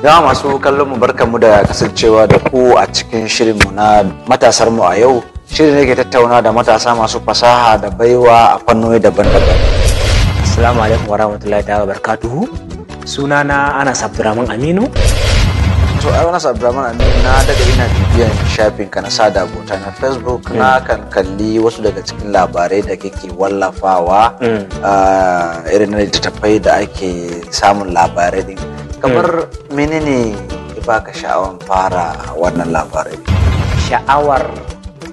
Yawa masu kallon mu barkanmu da kasancewa da ku a cikin shirinmu na matasar mu a yau. Shirin ne ke tattauna da matasa masu fasaha da baiwa a fannoni daban-daban. Assalamu alaikum wa rahmatullahi ta'ala barkatuhu. Sunana Anas Abdurrahman Aminu. To ai anas Abdurrahman Aminu na daga ina bibiyan shafin ka na sada abota na Facebook na hmm. kan kalli wasu daga cikin labarai da kake wallafawa hmm. ah, irin na littattafai da ake samun labarai din. kamar eh. menene ya baka sha'awar fara wannan labarai sha'awar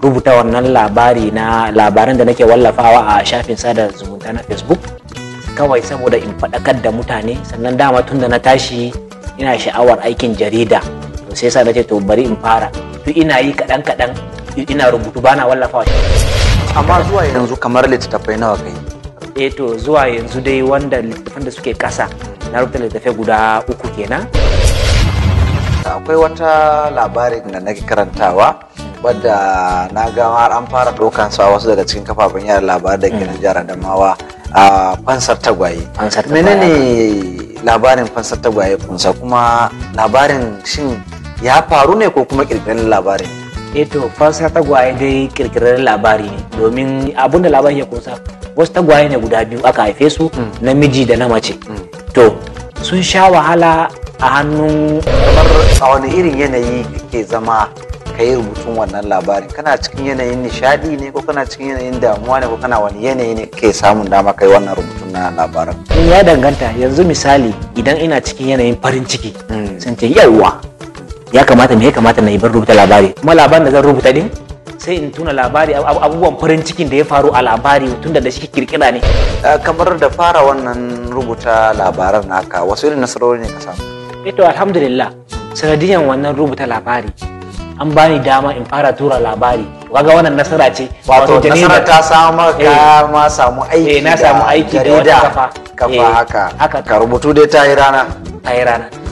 rubuta wannan labari na labaran da nake wallafawa a shafin sada zumunta na facebook kawai saboda in faɗakar da mutane sannan dama tun da na tashi ina sha'awar aikin jarida to sai sa nace to bari in fara to ina yi kaɗan kaɗan ina rubutu bana wallafawa amma zuwa yanzu kamar littattafai nawa kai eh to zuwa yanzu dai wanda littattafan da suke kasa na rubuta littafai guda uku kenan akwai wata labarin da nake karantawa wadda na ga har an fara ɗaukan su a wasu daga cikin kafafen yara labarai da ke hmm. nan jihar Adamawa a fansar tagwaye. Menene labarin fansar tagwaye kunsa kuma labarin shin ya faru ne ko kuma kirkirar labarin? Eto eh fansar tagwaye dai kirkirar labari ne domin abinda labarin ya kunsa wasu tagwaye ne guda biyu aka haife su hmm. namiji da na mace. Hmm. to sun sha wahala a hannun kamar a irin yanayi ke zama ka yi rubutun wannan labarin kana cikin yanayin nishadi ne ko kana cikin yanayin damuwa ne ko kana wani yanayi ne ke samun dama kai wannan rubutun na labarin in eh, ya danganta yanzu misali idan ina cikin yanayin farin ciki hmm. sun ce yawwa ya kamata me ya kamata na yi bar rubuta labari kuma labarin da zan rubuta din sai in tuna labari abubuwan farin cikin da ya faru a labari tun da shi kirkira ne eh, kamar da fara wannan rubuta labaran naka wasu irin nasarori ne ka samu eh alhamdulillah sanadiyan wannan rubuta labari an bani dama in fara tura labari waga wannan nasara ce wato nasara ta samu ka eh. ma samu aiki na samu aiki da wata kafa kafa haka ka rubutu dai ta yi rana ta yi rana